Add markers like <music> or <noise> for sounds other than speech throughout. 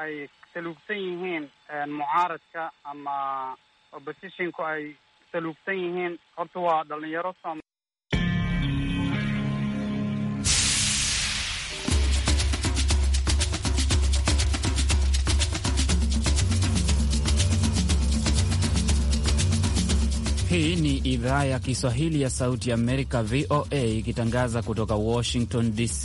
ay saluugsan yihiin eh, mucaaradka ama oppositionku ay saluugsan yihiin horta waa dhallinyaro som Hii ni idhaa ya Kiswahili ya Sauti ya Amerika, VOA, ikitangaza kutoka Washington DC.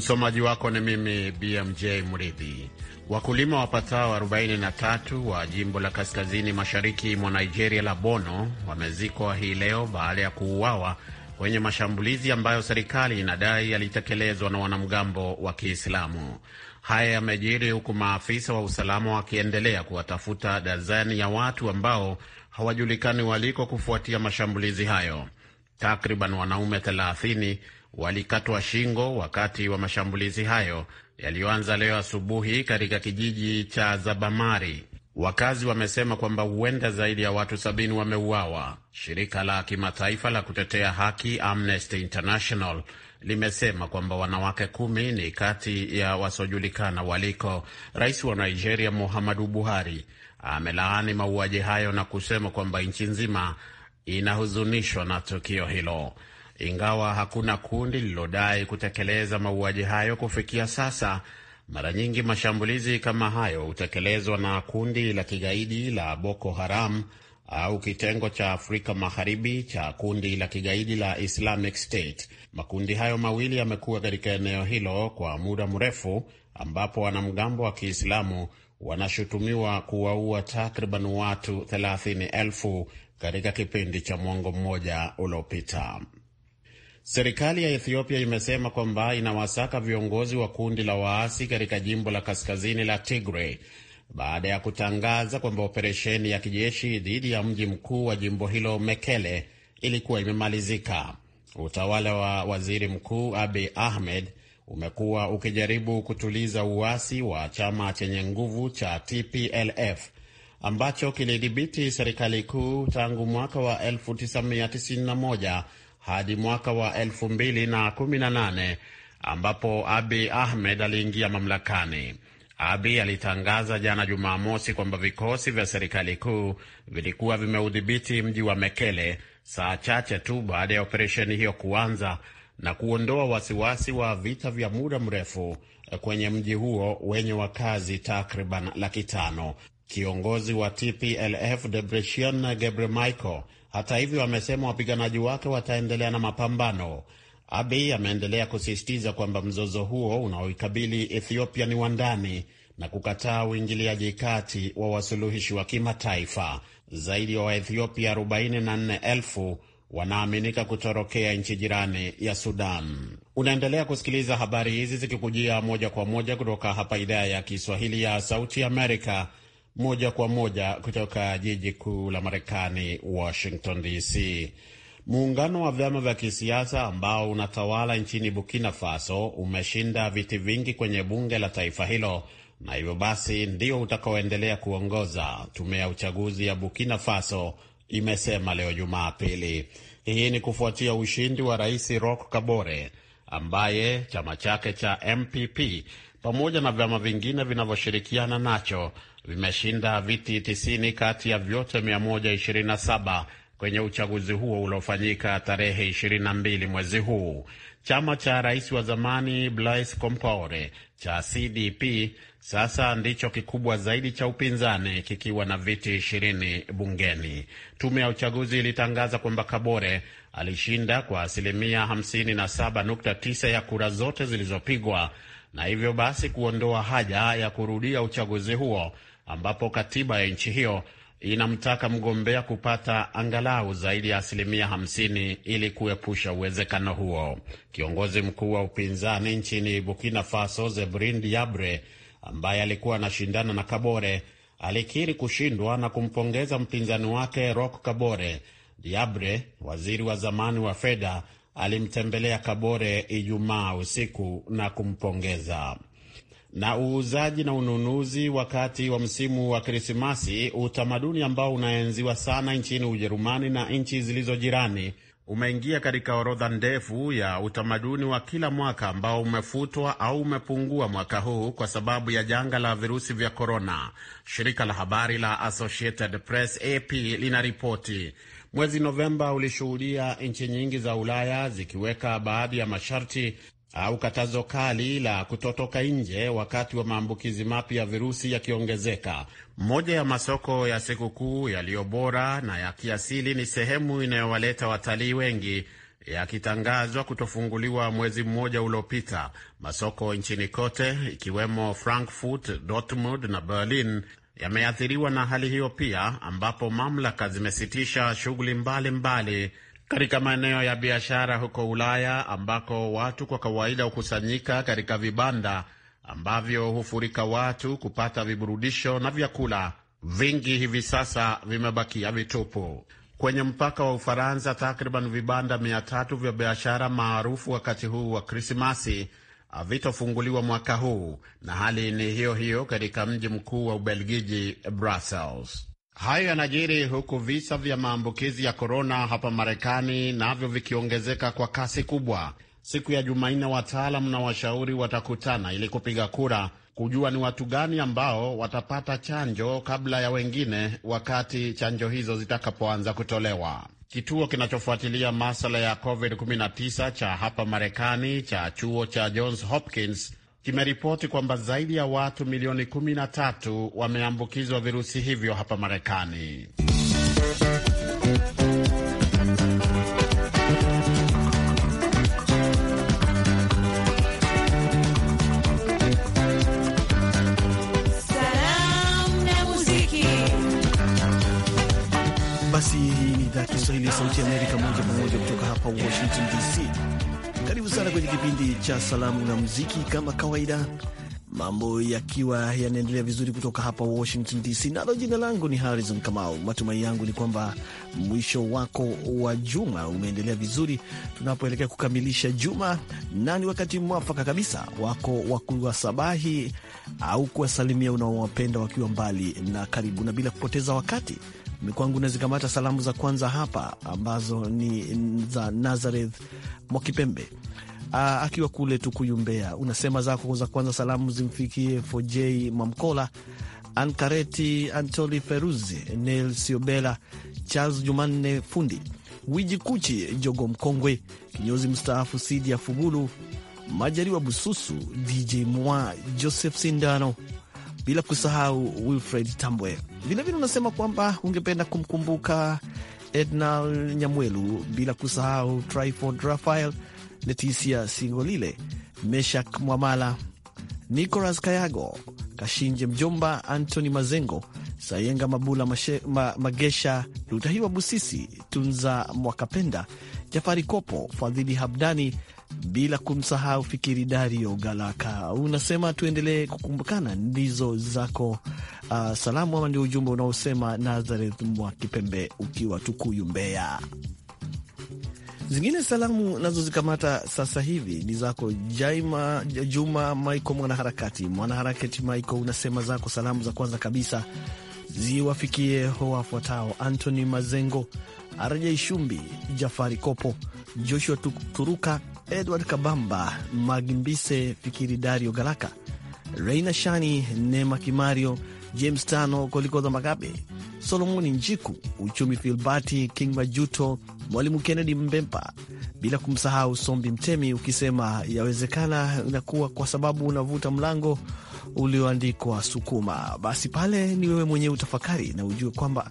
Msomaji wako ni mimi BMJ Mridhi. Wakulima wapatao 43 wa jimbo la kaskazini mashariki mwa Nigeria la Bono wamezikwa hii leo baada ya kuuawa kwenye mashambulizi ambayo serikali inadai yalitekelezwa na wanamgambo wa Kiislamu. Haya yamejiri huku maafisa wa usalama wakiendelea kuwatafuta dazani ya watu ambao hawajulikani waliko kufuatia mashambulizi hayo. Takriban wanaume walikatwa shingo wakati wa mashambulizi hayo yaliyoanza leo asubuhi katika kijiji cha Zabamari. Wakazi wamesema kwamba huenda zaidi ya watu sabini wameuawa. Shirika la kimataifa la kutetea haki Amnesty International limesema kwamba wanawake kumi ni kati ya wasiojulikana waliko. Rais wa Nigeria Muhammadu Buhari amelaani mauaji hayo na kusema kwamba nchi nzima inahuzunishwa na tukio hilo. Ingawa hakuna kundi lililodai kutekeleza mauaji hayo kufikia sasa, mara nyingi mashambulizi kama hayo hutekelezwa na kundi la kigaidi la Boko Haram au kitengo cha Afrika Magharibi cha kundi la kigaidi la Islamic State. Makundi hayo mawili yamekuwa katika eneo hilo kwa muda mrefu, ambapo wanamgambo wa Kiislamu wanashutumiwa kuwaua takriban watu 3 katika kipindi cha mwongo mmoja uliopita. Serikali ya Ethiopia imesema kwamba inawasaka viongozi wa kundi la waasi katika jimbo la kaskazini la Tigray baada ya kutangaza kwamba operesheni ya kijeshi dhidi ya mji mkuu wa jimbo hilo Mekele ilikuwa imemalizika. Utawala wa waziri mkuu Abiy Ahmed umekuwa ukijaribu kutuliza uasi wa chama chenye nguvu cha TPLF ambacho kilidhibiti serikali kuu tangu mwaka wa 1991 hadi mwaka wa 218 ambapo Abi Ahmed aliingia mamlakani. Abi alitangaza jana Jumamosi kwamba vikosi vya serikali kuu vilikuwa vimeudhibiti mji wa Mekele saa chache tu baada ya operesheni hiyo kuanza na kuondoa wasiwasi wa vita vya muda mrefu kwenye mji huo wenye wakazi takriban laki tano. Kiongozi wa TPLF Debretsion Gebre Michael, hata hivyo, amesema wapiganaji wake wataendelea na mapambano. Abiy ameendelea kusisitiza kwamba mzozo huo unaoikabili Ethiopia ni wa ndani na kukataa uingiliaji kati wa wasuluhishi wa kimataifa. Zaidi ya Waethiopia 44,000 wanaaminika kutorokea nchi jirani ya Sudan. Unaendelea kusikiliza habari hizi zikikujia moja kwa moja kutoka hapa idhaa ya Kiswahili ya Sauti Amerika moja kwa moja kutoka jiji kuu la Marekani, Washington DC. Muungano wa vyama vya kisiasa ambao unatawala nchini Burkina Faso umeshinda viti vingi kwenye bunge la taifa hilo na hivyo basi ndio utakaoendelea kuongoza. Tume ya uchaguzi ya Burkina Faso imesema leo Jumapili. Hii ni kufuatia ushindi wa Rais Roch Kabore ambaye chama chake cha MPP pamoja na vyama vingine vinavyoshirikiana nacho vimeshinda viti tisini kati ya vyote 127 kwenye uchaguzi huo uliofanyika tarehe 22 mwezi huu. Chama cha rais wa zamani Blaise Compaore cha CDP sasa ndicho kikubwa zaidi cha upinzani kikiwa na viti ishirini bungeni. Tume ya uchaguzi ilitangaza kwamba Kabore alishinda kwa asilimia 57.9 ya kura zote zilizopigwa na hivyo basi kuondoa haja ya kurudia uchaguzi huo ambapo katiba ya nchi hiyo inamtaka mgombea kupata angalau zaidi ya asilimia 50 ili kuepusha uwezekano huo. Kiongozi mkuu wa upinzani nchini Burkina Faso, Zebrin Diabre, ambaye alikuwa anashindana na Kabore, alikiri kushindwa na kumpongeza mpinzani wake rok Kabore. Diabre, waziri wa zamani wa fedha, alimtembelea Kabore Ijumaa usiku na kumpongeza. Na uuzaji na ununuzi wakati wa msimu wa Krismasi, utamaduni ambao unaenziwa sana nchini Ujerumani na nchi zilizo jirani, umeingia katika orodha ndefu ya utamaduni wa kila mwaka ambao umefutwa au umepungua mwaka huu kwa sababu ya janga la virusi vya korona. Shirika la habari la Associated Press AP linaripoti Mwezi Novemba ulishuhudia nchi nyingi za Ulaya zikiweka baadhi ya masharti au katazo kali la kutotoka nje wakati wa maambukizi mapya ya virusi yakiongezeka. Moja ya masoko ya sikukuu yaliyo bora na ya kiasili ni sehemu inayowaleta watalii wengi yakitangazwa kutofunguliwa mwezi mmoja uliopita, masoko nchini kote ikiwemo Frankfurt, Dortmund na Berlin yameathiriwa na hali hiyo pia, ambapo mamlaka zimesitisha shughuli mbalimbali katika maeneo ya biashara huko Ulaya ambako watu kwa kawaida hukusanyika katika vibanda ambavyo hufurika watu kupata viburudisho na vyakula vingi hivi sasa vimebakia vitupu. Kwenye mpaka wa Ufaransa, takriban vibanda mia tatu vya biashara maarufu wakati huu wa Krismasi havitofunguliwa mwaka huu, na hali ni hiyo hiyo katika mji mkuu wa Ubelgiji, Brussels. Hayo yanajiri huku visa vya maambukizi ya korona hapa Marekani navyo vikiongezeka kwa kasi kubwa. Siku ya Jumanne, wataalam na washauri watakutana ili kupiga kura kujua ni watu gani ambao watapata chanjo kabla ya wengine wakati chanjo hizo zitakapoanza kutolewa. Kituo kinachofuatilia masala ya COVID-19 cha hapa Marekani cha chuo cha Johns Hopkins kimeripoti kwamba zaidi ya watu milioni 13 wameambukizwa virusi hivyo hapa Marekani. Kiswahili ya Sauti ya Amerika moja kwa moja kutoka hapa Washington DC. Karibu sana kwenye kipindi cha Salamu na Muziki. Kama kawaida, mambo yakiwa yanaendelea vizuri kutoka hapa Washington DC, nalo jina langu ni Harrison Kamau. Matumai yangu ni kwamba mwisho wako wa juma umeendelea vizuri, tunapoelekea kukamilisha juma, na ni wakati mwafaka kabisa wako wa kuwasabahi au kuwasalimia unaowapenda wakiwa mbali na karibu, na bila kupoteza wakati Mikwangu nazikamata salamu za kwanza hapa ambazo ni za Nazareth Mwakipembe Aa, akiwa kule Tukuyu, Mbeya. Unasema zako za kwanza salamu zimfikie Fojei Mamkola, Ankareti Antoli, Feruzi Nel Siobela, Charles Jumanne Fundi, Wiji Kuchi, Jogo Mkongwe, kinyozi mstaafu Sidi ya Fugulu, majariwa Bususu, DJ Mwa, Joseph Sindano bila kusahau Wilfred Tambwe. Vilevile unasema kwamba ungependa kumkumbuka Edna Nyamwelu, bila kusahau Tryford Rafael, Leticia Singolile, Meshak Mwamala, Nicolas Kayago, Kashinje Mjomba, Antony Mazengo, Sayenga Mabula Mashe, ma, Magesha Lutahiwa Busisi, Tunza Mwakapenda, Jafari Kopo, Fadhili Habdani bila kumsahau Fikiri Dario Galaka. Unasema tuendelee kukumbukana, ndizo zako uh, salamu ama ndio ujumbe unaosema Nazareth mwa Kipembe ukiwa Tukuyu, Mbeya. Zingine salamu nazozikamata sasa hivi ni zako Jaima Juma Maiko, mwanaharakati mwanaharakati Maiko, unasema zako salamu za kwanza kabisa ziwafikie wafuatao: Antony Mazengo, Arjai Shumbi, Jafari Kopo, Joshua Turuka, Edward Kabamba, Magimbise Fikiri, Dario Galaka, Reina Shani, Nema Kimario, James Tano, Kolikoza Magabe, Solomoni Njiku, Uchumi Filbati, King Majuto, Mwalimu Kennedy Mbempa, bila kumsahau Sombi Mtemi, ukisema yawezekana inakuwa kwa sababu unavuta mlango ulioandikwa sukuma, basi pale ni wewe mwenyewe utafakari na ujue kwamba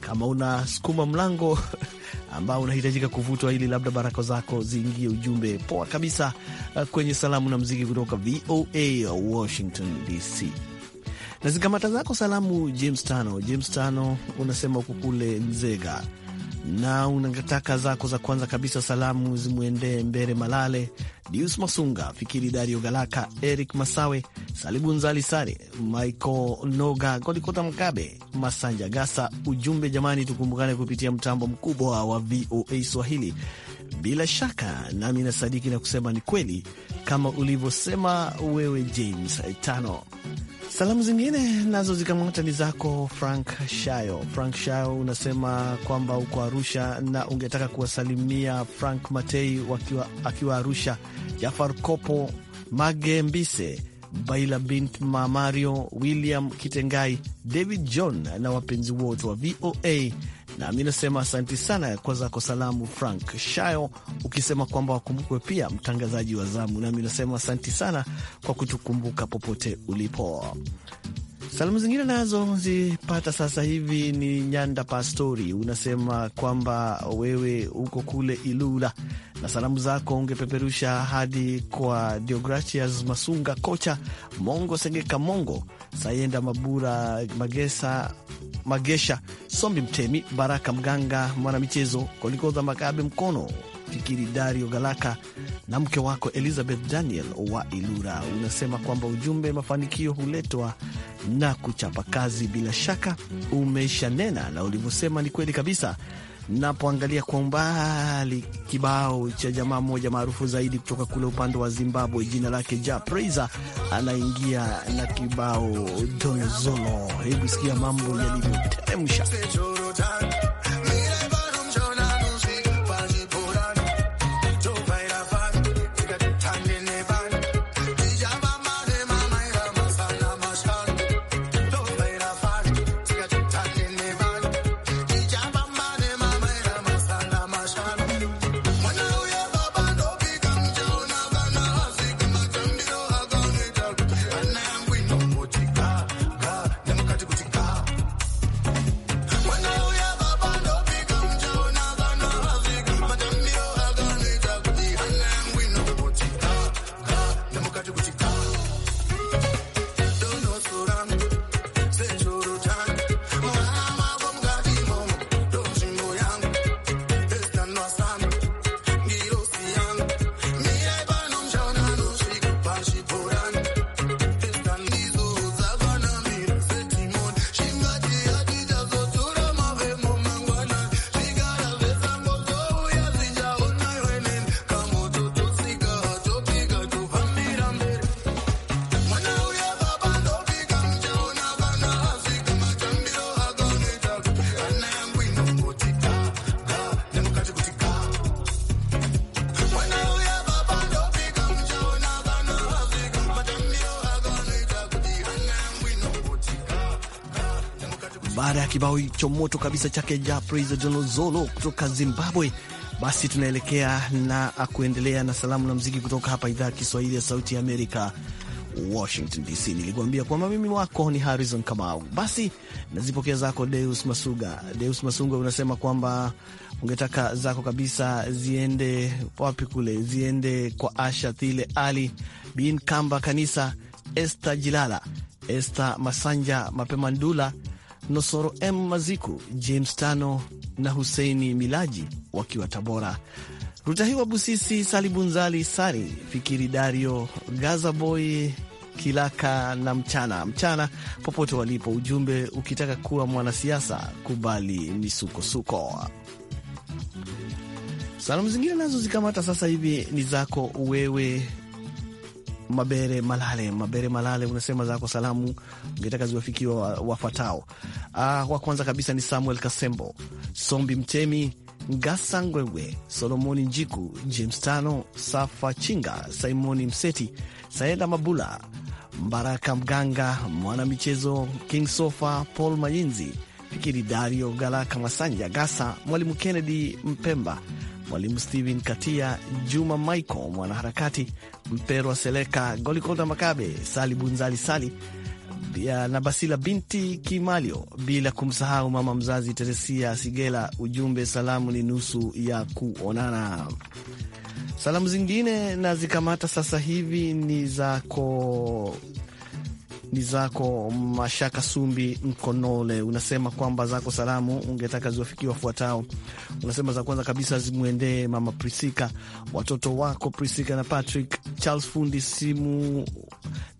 kama unasukuma mlango <laughs> ambao unahitajika kuvutwa ili labda baraka zako ziingie ujumbe poa kabisa uh, kwenye salamu na mziki kutoka VOA Washington DC na zikamata zako salamu. James Tano, James Tano unasema uko kule Nzega na unataka zako za kwanza kabisa salamu zimwendee Mbere Malale, Dius Masunga, Fikiri Dario Galaka, Eric Masawe, Salibunzali Sare, Michael Noga, Godikota Mkabe, Masanja Gasa. Ujumbe jamani, tukumbukane kupitia mtambo mkubwa wa VOA Swahili. Bila shaka nami nasadiki na kusema ni kweli kama ulivyosema wewe James Tano. Salamu zingine nazo zikamata ni zako Frank Shayo. Frank Shayo unasema kwamba uko Arusha na ungetaka kuwasalimia Frank Matei wakiwa, akiwa Arusha, Jafar Kopo, Mage Mbise, Baila Bint Mamario, William Kitengai, David John na wapenzi wote wa VOA Nami nasema asanti sana kwa zako salamu, Frank Shayo, ukisema kwamba wakumbukwe pia mtangazaji wa zamu. Nami nasema asanti sana kwa kutukumbuka popote ulipo. Salamu zingine nazo zipata sasa hivi ni Nyanda Pastori, unasema kwamba wewe uko kule Ilula na salamu zako ungepeperusha hadi kwa Deogratias Masunga, kocha Mongo Sengeka, Mongo Sayenda Mabura, Magesa Magesha, Sombi Mtemi, Baraka Mganga, mwanamichezo Kolikodha Makabe Mkono fikiri Dario Galaka na mke wako Elizabeth Daniel wa Ilura. Unasema kwamba ujumbe, mafanikio huletwa na kuchapa kazi. Bila shaka umeshanena na ulivyosema ni kweli kabisa. Napoangalia kwa umbali kibao cha jamaa mmoja maarufu zaidi kutoka kule upande wa Zimbabwe, jina lake Ja Praiser, anaingia na kibao Donzolo. Hebu sikia mambo yalivyoteremsha kibao hicho moto kabisa chake ja Praise Zolo kutoka Zimbabwe. Basi tunaelekea na kuendelea na salamu na mziki kutoka hapa idhaa ya Kiswahili ya Sauti ya Amerika, Washington DC. Nilikuambia kwamba mimi wako ni Harrison Kamau. Basi nazipokea zako Deus Masuga. Deus Masunga, unasema kwamba ungetaka zako kabisa ziende wapi? Kule ziende kwa Asha Thile Ali Bin Kamba Kanisa, Esther Jilala, Esther Masanja Mapema Ndula Nosoro M Maziku, James Tano na Huseini Milaji wakiwa Tabora. Rutahiwa Busisi, Salibunzali Sari, Fikiri Dario, gaza boy Kilaka na mchana mchana popote walipo. Ujumbe, ukitaka kuwa mwanasiasa kubali misukosuko. Salamu zingine nazo zikamata sasa hivi ni zako wewe Mabere Malale, Mabere Malale, unasema zako salamu ungetaka ziwafikiwa wafuatao. Ah, wa kwanza kabisa ni Samuel Kasembo, Sombi Mtemi, Ngasa Ngwegwe, Solomoni Njiku, James Tano, Safa Chinga, Simoni Mseti, Saenda Mabula, Mbaraka Mganga, mwana michezo King Sofa, Paul Mayinzi, Fikiri Dario Galaka, Masanja Gasa, Mwalimu Kennedy Mpemba Mwalimu Steven Katia, Juma Michael mwanaharakati, Mperwa Seleka, Golikolda Makabe, Sali Bunzali Sali na Basila binti Kimalio, bila kumsahau mama mzazi Teresia Sigela. Ujumbe, salamu ni nusu ya kuonana. Salamu zingine na zikamata sasa hivi ni zako ni zako Mashaka Sumbi Mkonole, unasema kwamba zako salamu ungetaka ziwafikie wafuatao. Unasema za kwanza kabisa zimwendee mama Prisika, watoto wako Prisika na Patrick, Charles Fundi simu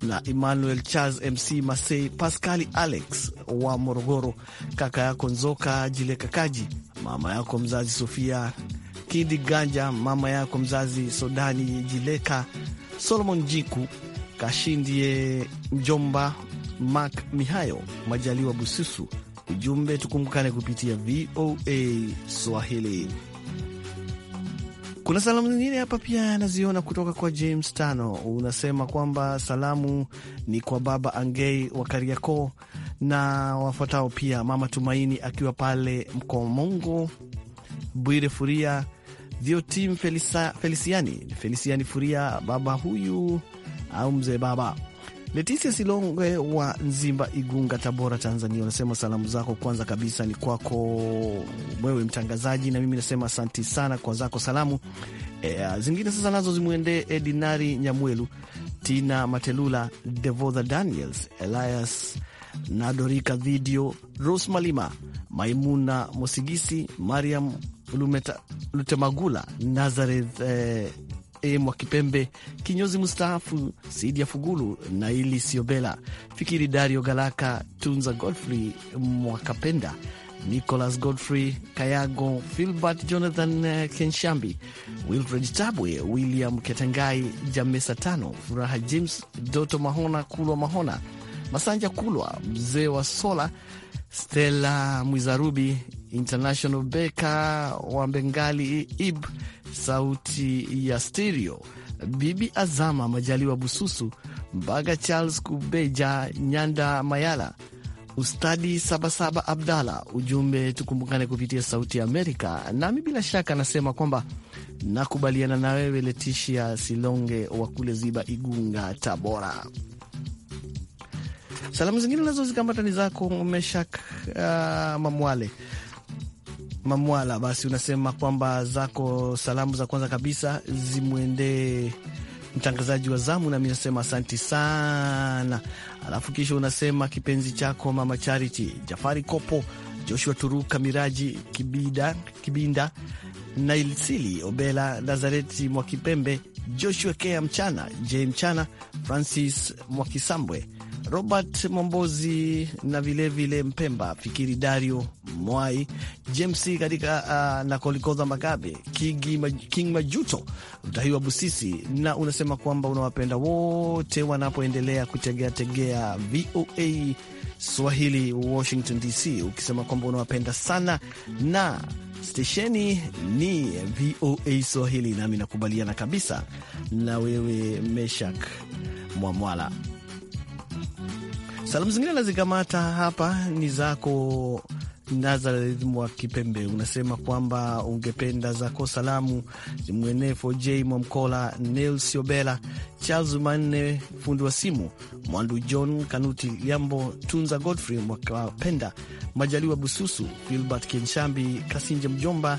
na Emmanuel Charles, MC Masei, Pascali Alex wa Morogoro, kaka yako Nzoka Jileka Kaji, mama yako mzazi Sofia Kidi Ganja, mama yako mzazi Sodani Jileka, Solomon Jiku Kashindie Mjomba, Mak Mihayo, Majaliwa Bususu. Ujumbe, tukumbukane kupitia VOA Swahili. Kuna salamu zingine hapa pia anaziona kutoka kwa James Tano. Unasema kwamba salamu ni kwa baba Angei wa Kariakoo na wafuatao pia mama Tumaini akiwa pale Mkomongo, Bwire Furia, Thiotim Felisiani, Felisiani Furia, baba huyu au mzee baba. Letisia Silonge wa Nzimba, Igunga, Tabora, Tanzania, unasema salamu zako kwanza kabisa ni kwako wewe mtangazaji, na mimi nasema asanti sana kwa zako salamu. E, zingine sasa nazo zimwendee Edinari Nyamwelu, Tina Matelula, Devotha Daniels, Elias Nadorika, Video Rose Malima, Maimuna Mosigisi, Mariam Lutemagula, Nazareth eh, E. Mwakipembe, kinyozi mstaafu Sidia Fugulu, Naili Siobela, Fikiri Dario Galaka, Tunza Godfrey Mwakapenda, Nicholas Godfrey Kayago, Filbert Jonathan eh, Kenshambi, Wilfred Tabwe, William Ketengai, Jamesa Tano, Furaha James, Doto Mahona, Kulwa Mahona, Masanja Kulwa, Mzee wa Sola Stella Mwizarubi, International Beka wa Bengali, Ib Sauti ya Stereo, Bibi Azama Majaliwa Bususu, Mbaga Charles Kubeja, Nyanda Mayala, Ustadi Sabasaba Abdala. Ujumbe tukumbukane kupitia Sauti ya Amerika. Nami bila shaka nasema kwamba nakubaliana na wewe Letishia Silonge wa kule Ziba, Igunga, Tabora. Salamu zingine nazo zikamata ni zako Meshak uh, Mamwale Mamwala, basi unasema kwamba zako salamu za kwanza kabisa zimwendee mtangazaji wa zamu, nami nasema asanti sana. Alafu kisha unasema kipenzi chako Mama Charity, Jafari Kopo, Joshua Turuka, Miraji Kibida, Kibinda, Nailsili Obela, Nazareti Mwakipembe, Joshua Kea Mchana, J Mchana, Francis Mwakisambwe Robert Mombozi na vilevile vile Mpemba Fikiri, Dario Mwai, James katika uh, na Kolikoza Magabe, King Majuto, Mtahiwa Busisi, na unasema kwamba unawapenda wote wanapoendelea kutegeategea VOA Swahili Washington DC, ukisema kwamba unawapenda sana na stesheni ni VOA Swahili, nami nakubaliana kabisa na wewe Meshak Mwamwala. Salamu zingine nazikamata hapa ni zako Nazareth mwa Kipembe, unasema kwamba ungependa zako salamu zimwenee J Mwamkola, Nels Obela, Charles Manne, fundi wa simu Mwandu, John Kanuti Yambo, Tunza Godfrey Mwakapenda, Majaliwa Bususu, Filbert Kenshambi, Kasinje mjomba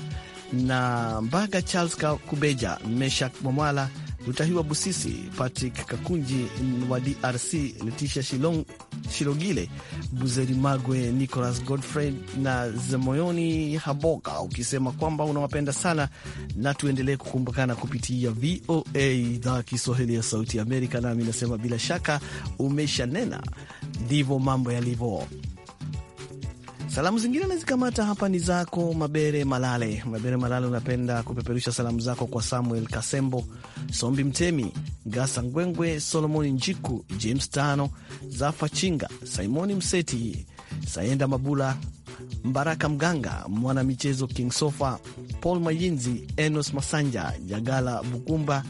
na Mbaga Charles Kubeja, Meshak Mwamwala Rutahiwa Busisi, Patrick Kakunji wa DRC, Letisha Shilong, Shilogile magwe Nicolas Godfrey na Zemoyoni Haboka, ukisema kwamba unawapenda sana na tuendelee kukumbukana kupitia VOA idhaa Kiswahili ya Sauti Amerika. Nami nasema bila shaka umeshanena, ndivyo mambo yalivyo. Salamu zingine nazikamata hapa ni zako Mabere Malale. Mabere Malale, unapenda kupeperusha salamu zako kwa Samuel Kasembo, Sombi Mtemi, Gasa Ngwengwe, Solomoni Njiku, James Tano, Zafa Chinga, Simoni Mseti, Sayenda Mabula, Mbaraka Mganga, Mwana Michezo, King Sofa, Paul Mayinzi, Enos Masanja, Jagala Bukumba,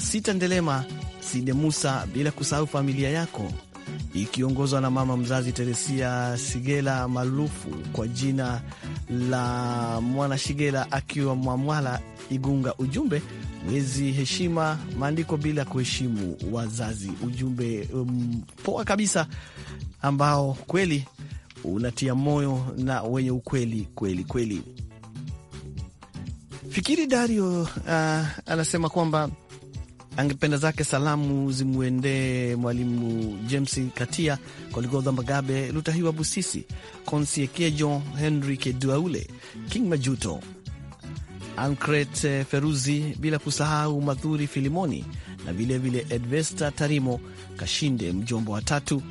Sita Ndelema, Side Musa, bila kusahau familia yako ikiongozwa na mama mzazi Teresia Sigela maarufu kwa jina la Mwana Shigela akiwa Mwamwala Igunga. Ujumbe mwezi heshima maandiko bila kuheshimu wazazi. Ujumbe um, poa kabisa ambao kweli unatia moyo na wenye ukweli kweli kweli. Fikiri Dario uh, anasema kwamba angependa zake salamu zimwendee Mwalimu James Katia, Koligodha Magabe, Lutahiwa Busisi, Consiekejo, Henry Keduaule, King Majuto, Ancret Feruzi, bila kusahau Madhuri Filimoni na vilevile Edvesta Tarimo Kashinde, mjombo wa tatu,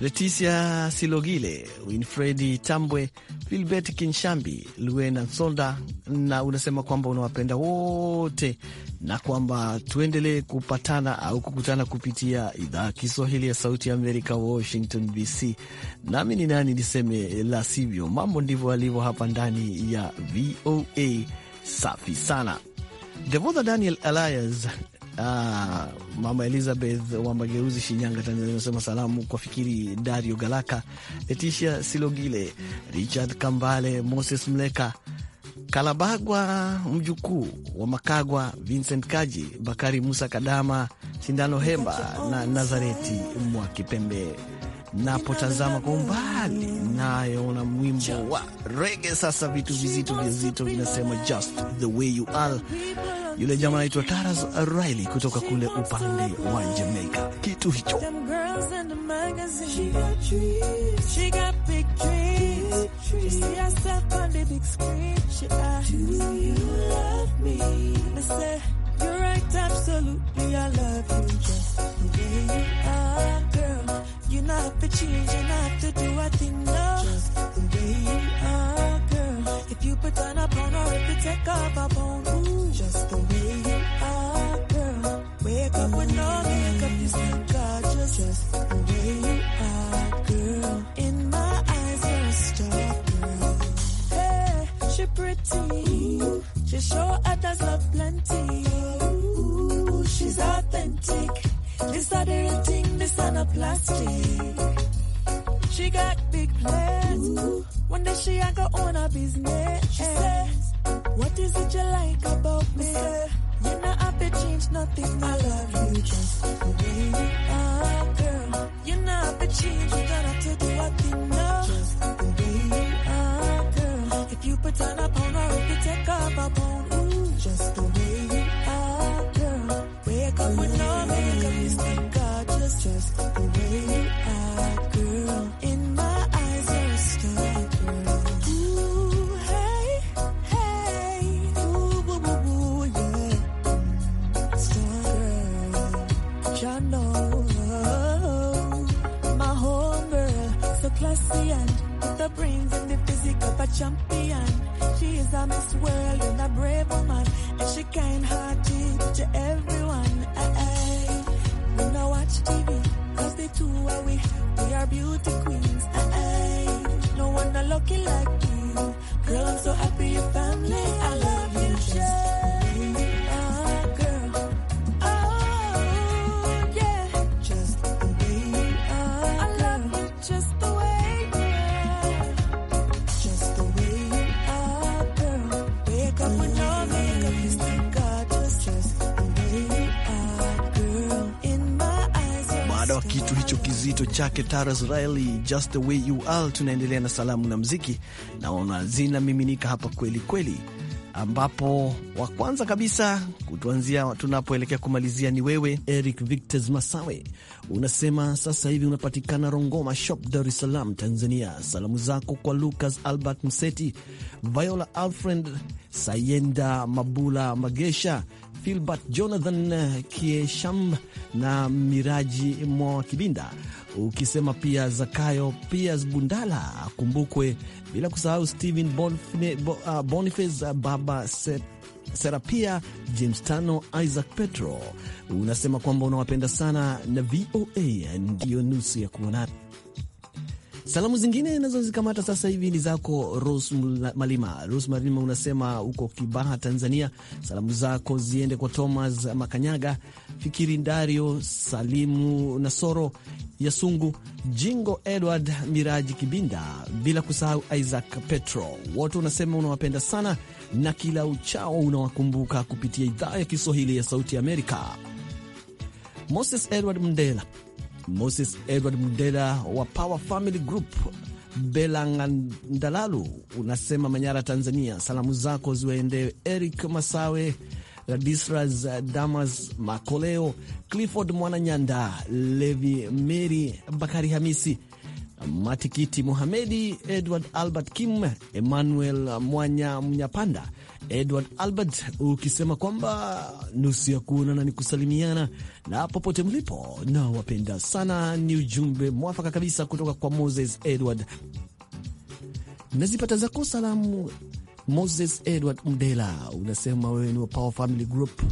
Leticia Silogile, Winfredi Tambwe, Filbert Kinshambi, Luena Nsonda, na unasema kwamba unawapenda wote na kwamba tuendelee kupatana au kukutana kupitia idhaa ya Kiswahili ya Sauti ya Amerika, Washington DC. Nami ni nani niseme la sivyo, mambo ndivyo alivyo hapa ndani ya VOA. Safi sana. Devodha Daniel Elias Ah, Mama Elizabeth wa Mageuzi, Shinyanga, Tanzania, nasema salamu kwa Fikiri Dario Galaka, Leticia Silogile, Richard Kambale, Moses Mleka Kalabagwa, mjukuu wa Makagwa, Vincent Kaji, Bakari Musa Kadama, Sindano Hemba na Nazareti Mwakipembe napotazama kwa umbali, nayoona mwimbo wa rege. Sasa vitu vizito vizito vinasema just the way you are. Yule jama anaitwa Taras Riley kutoka kule upande wa Jamaica, kitu hicho changing chake Taras Israeli, Just the Way You Are. Tunaendelea na salamu na mziki, naona zinamiminika hapa kweli kweli, ambapo wa kwanza kabisa kutuanzia tunapoelekea kumalizia ni wewe Eric Victes Masawe. Unasema sasa hivi unapatikana Rongoma Shop, Dar es Salaam, Tanzania. Salamu zako kwa Lucas Albert Mseti, Viola Alfred Sayenda, Mabula Magesha, Filbert Jonathan Kiesham na Miraji Mwa Kibinda ukisema pia Zakayo pia Bundala akumbukwe, bila kusahau Stephen uh, Boniface, uh, Baba Serapia, James Tano, Isaac Petro. Unasema kwamba unawapenda sana na VOA ndiyo nusu ya kuonana. Salamu zingine nazozikamata sasa hivi ni zako ros Malima. ros Malima unasema uko Kibaha, Tanzania. Salamu zako ziende kwa Thomas Makanyaga, Fikiri Ndario, Salimu Nasoro, Yasungu Jingo, Edward Miraji Kibinda, bila kusahau Isaac Petro. Wote unasema unawapenda sana na kila uchao unawakumbuka kupitia idhaa ya Kiswahili ya Sauti Amerika. Moses Edward Mndela Moses Edward mdela wa Power Family Group Belangandalalu, unasema Manyara, Tanzania. Salamu zako ziwaendee Eric Masawe, Radisras Damas Makoleo, Clifford Mwananyanda, Levi Meri, Bakari Hamisi Matikiti Muhamedi, Edward Albert Kim, Emmanuel Mwanya Mnyapanda, Edward Albert ukisema kwamba nusu ya kuonana ni kusalimiana, na popote mlipo nawapenda sana. Ni ujumbe mwafaka kabisa kutoka kwa Moses Edward. Nazipata zako salamu Moses Edward Mdela, unasema wewe ni wa Power Family Group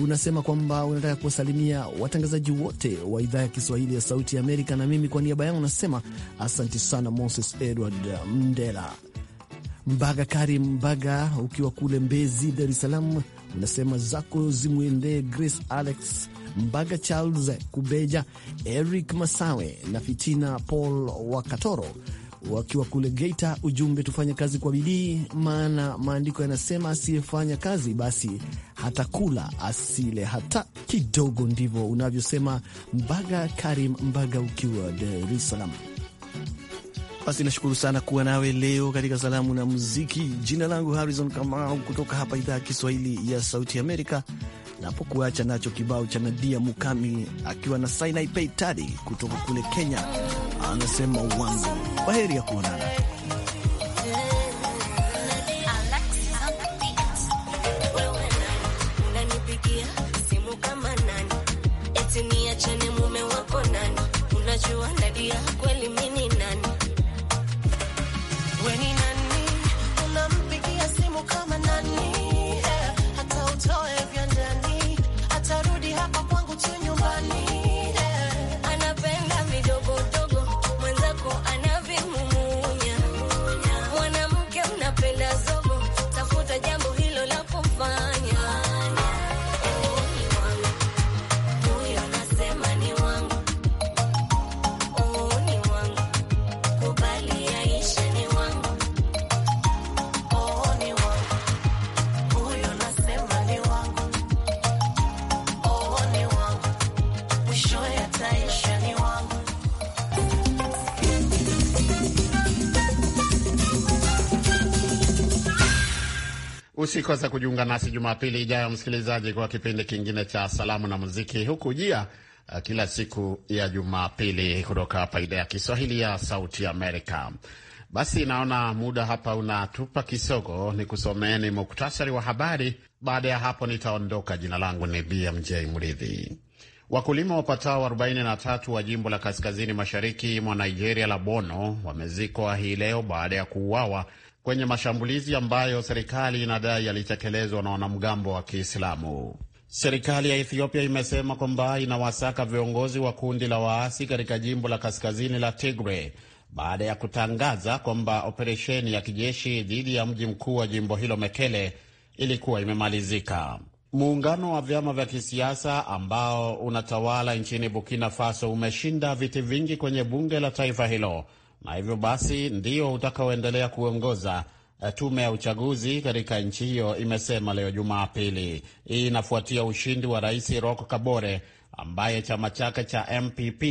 unasema kwamba unataka kuwasalimia watangazaji wote wa idhaa ya Kiswahili ya Sauti ya Amerika, na mimi kwa niaba yangu nasema asante sana Moses Edward Mdela Mbaga Karim Mbaga, ukiwa kule Mbezi, Dar es Salaam, unasema zako zimwendee Grace Alex Mbaga, Charles Kubeja, Eric Masawe na Fitina Paul Wakatoro wakiwa kule Geita. Ujumbe, tufanye kazi kwa bidii, maana maandiko yanasema asiyefanya kazi basi hata kula asile hata kidogo. Ndivyo unavyosema Mbaga Karim Mbaga ukiwa Dar es Salaam. Basi nashukuru sana kuwa nawe leo katika salamu na muziki. Jina langu Harrison Kamau kutoka hapa idhaa ya Kiswahili ya Sauti Amerika, napokuacha nacho kibao cha Nadia Mukami akiwa na Sinai Tadi kutoka kule Kenya, anasema wangu kwa heri ya kuonana. Usikose kujiunga nasi Jumapili ijayo, msikilizaji, kwa kipindi kingine cha salamu na muziki, huku jia eh, kila siku ya Jumapili kutoka hapa idhaa ya Kiswahili ya Sauti Amerika. Basi naona muda hapa unatupa kisogo, ni kusomeeni muktasari wa habari. Baada ya hapo nitaondoka. Jina langu ni BMJ Mridhi. Wakulima wapatao 43 wa jimbo la kaskazini mashariki mwa Nigeria la Bono wamezikwa hii leo baada ya kuuawa kwenye mashambulizi ambayo serikali inadai yalitekelezwa na wanamgambo wa Kiislamu. Serikali ya Ethiopia imesema kwamba inawasaka viongozi wa kundi la waasi katika jimbo la kaskazini la Tigre baada ya kutangaza kwamba operesheni ya kijeshi dhidi ya mji mkuu wa jimbo hilo Mekele ilikuwa imemalizika. Muungano wa vyama vya kisiasa ambao unatawala nchini Burkina Faso umeshinda viti vingi kwenye bunge la taifa hilo na hivyo basi ndio utakaoendelea kuongoza eh, tume ya uchaguzi katika nchi hiyo, imesema leo Jumapili. Hii inafuatia ushindi wa Rais Roch Kabore ambaye chama chake cha MPP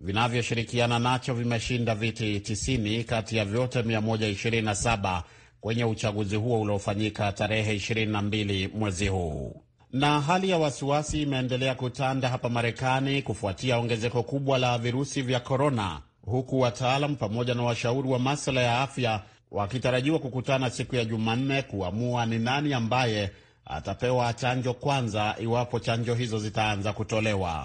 vinavyoshirikiana nacho vimeshinda viti 90 kati ya vyote 127 kwenye uchaguzi huo uliofanyika tarehe 22 mwezi huu. Na hali ya wasiwasi imeendelea kutanda hapa Marekani kufuatia ongezeko kubwa la virusi vya korona huku wataalam pamoja na washauri wa masuala ya afya wakitarajiwa kukutana siku ya Jumanne kuamua ni nani ambaye atapewa chanjo kwanza iwapo chanjo hizo zitaanza kutolewa.